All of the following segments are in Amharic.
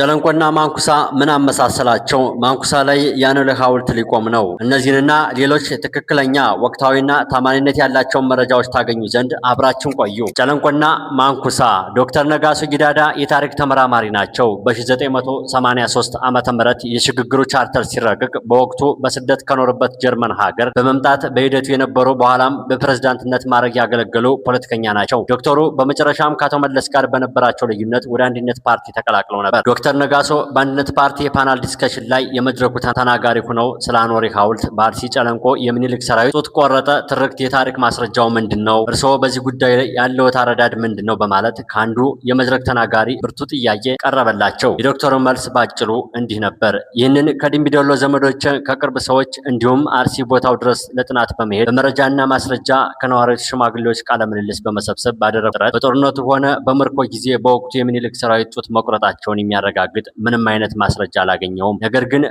ጨለንቆና ማንኩሳ ምን አመሳሰላቸው? ማንኩሳ ላይ ያነለ ሐውልት ሊቆም ነው። እነዚህንና ሌሎች ትክክለኛ ወቅታዊና ታማኒነት ያላቸውን መረጃዎች ታገኙ ዘንድ አብራችን ቆዩ። ጨለንቆና ማንኩሳ ዶክተር ነጋሶ ጊዳዳ የታሪክ ተመራማሪ ናቸው። በ1983 ዓ ም የሽግግሩ ቻርተር ሲረቅቅ በወቅቱ በስደት ከኖርበት ጀርመን ሀገር በመምጣት በሂደቱ የነበሩ በኋላም በፕሬዝዳንትነት ማድረግ ያገለገሉ ፖለቲከኛ ናቸው። ዶክተሩ በመጨረሻም ከአቶ መለስ ጋር በነበራቸው ልዩነት ወደ አንድነት ፓርቲ ተቀላቅለው ነበር። ዶክተር ነጋሶ በአንድነት ፓርቲ የፓናል ዲስከሽን ላይ የመድረኩ ተናጋሪ ሆነው ስለ አኖሌ ሐውልት በአርሲ ጨለንቆ የምኒልክ ሰራዊት ጡት ቆረጠ ትርክት የታሪክ ማስረጃው ምንድን ነው? እርስዎ በዚህ ጉዳይ ላይ ያለዎት አረዳድ ምንድን ነው? በማለት ከአንዱ የመድረክ ተናጋሪ ብርቱ ጥያቄ ቀረበላቸው። የዶክተሩ መልስ ባጭሩ እንዲህ ነበር። ይህንን ከድምቢዶሎ ዘመዶች፣ ከቅርብ ሰዎች እንዲሁም አርሲ ቦታው ድረስ ለጥናት በመሄድ በመረጃና ማስረጃ ከነዋሪዎች ሽማግሌዎች ቃለ ምልልስ በመሰብሰብ ባደረጉ ጥረት በጦርነቱ ሆነ በምርኮ ጊዜ በወቅቱ የምኒልክ ሰራዊት ጡት መቁረጣቸውን የሚያረጋ የሚያረጋግጥ ምንም አይነት ማስረጃ አላገኘውም። ነገር ግን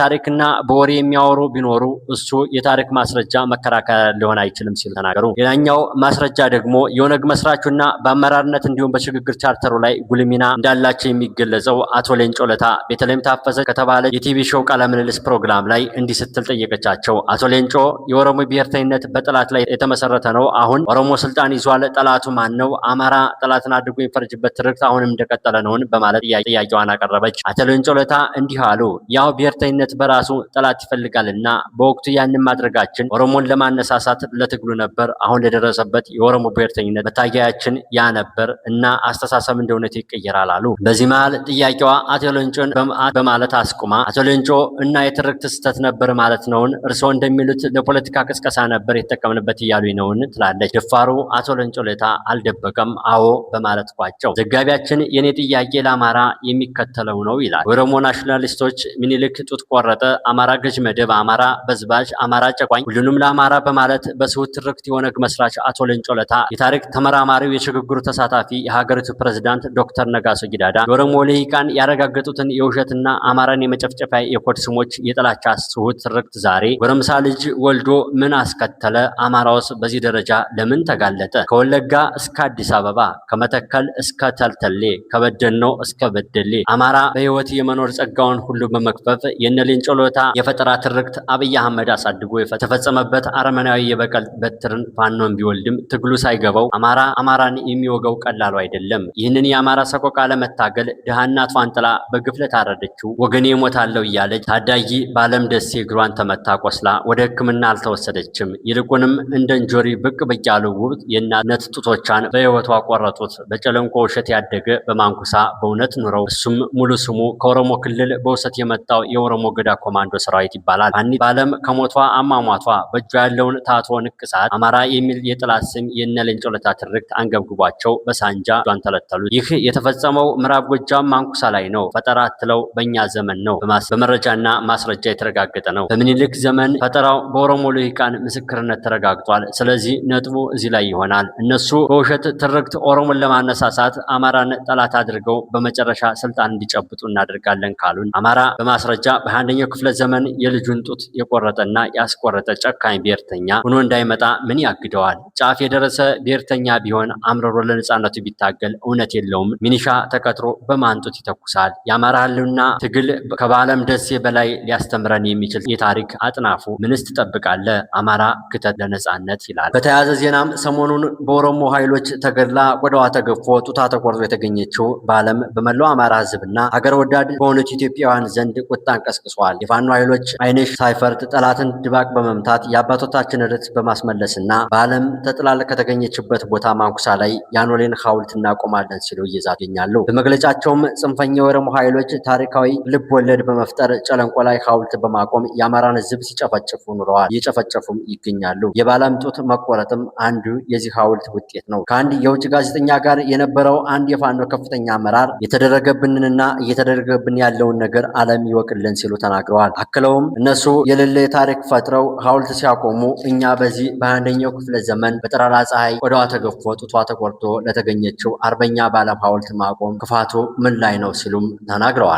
ታሪክና በወሬ የሚያወሩ ቢኖሩ እሱ የታሪክ ማስረጃ መከራከሪያ ሊሆን አይችልም ሲሉ ተናገሩ። ሌላኛው ማስረጃ ደግሞ የኦነግ መስራቹና በአመራርነት እንዲሁም በሽግግር ቻርተሩ ላይ ጉልሚና እንዳላቸው የሚገለጸው አቶ ሌንጮ ለታ ቤተልሔም ታፈሰ ከተባለ የቲቪ ሾው ቃለምልልስ ፕሮግራም ላይ እንዲህ ስትል ጠየቀቻቸው። አቶ ሌንጮ የኦሮሞ ብሔርተኝነት በጠላት ላይ የተመሰረተ ነው። አሁን ኦሮሞ ስልጣን ይዟል። ጠላቱ ማን ነው? አማራ ጠላትን አድርጎ የሚፈርጅበት ትርክት አሁንም እንደቀጠለ ነውን? በማለት ጥያቄዋን ሀሳቧን አቀረበች። አተሎን ጮለታ እንዲህ አሉ። ያው ብሔርተኝነት በራሱ ጠላት ይፈልጋልና በወቅቱ ያንን ማድረጋችን ኦሮሞን ለማነሳሳት ለትግሉ ነበር። አሁን ለደረሰበት የኦሮሞ ብሔርተኝነት መታገያችን ያ ነበር እና አስተሳሰብ እንደ እውነት ይቀየራል አሉ። በዚህ መሃል ጥያቄዋ አቶሎንጮን በማለት አስቁማ አቶሎንጮ እና የትርክት ስህተት ነበር ማለት ነውን? እርስዎ እንደሚሉት ለፖለቲካ ቅስቀሳ ነበር የተጠቀምንበት እያሉ ነውን? ትላለች። ደፋሩ አቶሎንጮ ሌታ አልደበቀም። አዎ በማለት ቋጨው። ዘጋቢያችን የእኔ ጥያቄ ለአማራ የሚ የሚከተለው ነው ይላል። የኦሮሞ ናሽናሊስቶች ሚኒሊክ ጡት ቆረጠ፣ አማራ ገዥ መደብ፣ አማራ በዝባዥ፣ አማራ ጨቋኝ፣ ሁሉንም ለአማራ በማለት በስሁት ትርክት የኦነግ መስራች አቶ ሌንጮ ለታ፣ የታሪክ ተመራማሪው የሽግግሩ ተሳታፊ የሀገሪቱ ፕሬዝዳንት ዶክተር ነጋሶ ጊዳዳ፣ የኦሮሞ ልሂቃን ያረጋገጡትን የውሸትና አማራን የመጨፍጨፊያ የኮድ ስሞች የጥላቻ ስሁት ትርክት ዛሬ ጎረምሳ ልጅ ወልዶ ምን አስከተለ? አማራውስ በዚህ ደረጃ ለምን ተጋለጠ? ከወለጋ እስከ አዲስ አበባ ከመተከል እስከ ተልተሌ ከበደኖ እስከ በደሌ አማራ በህይወት የመኖር ጸጋውን ሁሉ በመክፈፍ የነሊን ጨሎታ የፈጠራ ትርክት አብይ አህመድ አሳድጎ የተፈጸመበት አረመናዊ የበቀል በትርን ፋኖን ቢወልድም ትግሉ ሳይገባው አማራ አማራን የሚወገው ቀላሉ አይደለም። ይህንን የአማራ ሰቆቃ ለመታገል ድሃና እናቷን በግፍለት አረደችው ወገኔ እሞታለሁ እያለች ታዳጊ በአለም ደሴ እግሯን ተመታ ቆስላ ወደ ህክምና አልተወሰደችም። ይልቁንም እንደ እንጆሪ ብቅ ብቅ ያሉ ውብት የእናትነት ጡቶቿን በህይወቷ ቆረጡት። በጨለንቆ ውሸት ያደገ በማንኩሳ በእውነት ኑረው እሱም ዓለም ሙሉ ስሙ ከኦሮሞ ክልል በውሰት የመጣው የኦሮሞ ገዳ ኮማንዶ ሰራዊት ይባላል። በዓለም ከሞቷ አሟሟቷ በእጇ ያለውን ታቶ ንቅሳት አማራ የሚል የጥላት ስም የነ ሌንጮለታ ትርክት አንገብግቧቸው በሳንጃ እጇን ተለተሉት። ይህ የተፈጸመው ምዕራብ ጎጃም ማንኩሳ ላይ ነው። ፈጠራ ትለው በእኛ ዘመን ነው። በመረጃና ማስረጃ የተረጋገጠ ነው። በምኒልክ ዘመን ፈጠራው በኦሮሞ ልሂቃን ምስክርነት ተረጋግጧል። ስለዚህ ነጥቡ እዚህ ላይ ይሆናል። እነሱ በውሸት ትርክት ኦሮሞን ለማነሳሳት አማራን ጠላት አድርገው በመጨረሻ ስልጣን አማራን እንዲጨብጡ እናደርጋለን ካሉን አማራ በማስረጃ በአንደኛው ክፍለ ዘመን የልጁን ጡት የቆረጠና ያስቆረጠ ጨካኝ ብሔርተኛ ሆኖ እንዳይመጣ ምን ያግደዋል? ጫፍ የደረሰ ብሔርተኛ ቢሆን አምርሮ ለነጻነቱ ቢታገል እውነት የለውም። ሚኒሻ ተቀጥሮ በማን ጡት ይተኩሳል? የአማራ ትግል ከበዓለም ደሴ በላይ ሊያስተምረን የሚችል የታሪክ አጥናፉ ምንስ ትጠብቃለ? አማራ ክተት ለነጻነት ይላል። በተያያዘ ዜናም ሰሞኑን በኦሮሞ ኃይሎች ተገድላ ቆዳዋ ተገፎ ጡታ ተቆርጦ የተገኘችው በዓለም በመላው አማራ ህዝብ ህዝብና አገር ወዳድ በሆነች ኢትዮጵያውያን ዘንድ ቁጣን ቀስቅሷል። የፋኖ ኃይሎች አይንሽ ሳይፈርድ ጠላትን ድባቅ በመምታት የአባቶቻችን ርዕት በማስመለስና በዓለም ተጥላል ከተገኘችበት ቦታ ማንኩሳ ላይ የአኖሌን ሐውልት እናቆማለን ሲሉ እየዛቱ ይገኛሉ። በመግለጫቸውም ጽንፈኛ የኦሮሞ ኃይሎች ታሪካዊ ልብ ወለድ በመፍጠር ጨለንቆ ላይ ሐውልት በማቆም የአማራን ህዝብ ሲጨፈጭፉ ኑረዋል፣ እየጨፈጨፉም ይገኛሉ። የባለም ጡት መቆረጥም አንዱ የዚህ ሐውልት ውጤት ነው። ከአንድ የውጭ ጋዜጠኛ ጋር የነበረው አንድ የፋኖ ከፍተኛ አመራር የተደረገብንን ያለውንና እየተደረገብን ያለውን ነገር ዓለም ይወቅልን ሲሉ ተናግረዋል። አክለውም እነሱ የሌለ ታሪክ ፈጥረው ሐውልት ሲያቆሙ እኛ በዚህ በአንደኛው ክፍለ ዘመን በጠራራ ፀሐይ ቆዳዋ ተገፎ ጡቷ ተቆርጦ ለተገኘችው አርበኛ ባለም ሐውልት ማቆም ክፋቱ ምን ላይ ነው ሲሉም ተናግረዋል።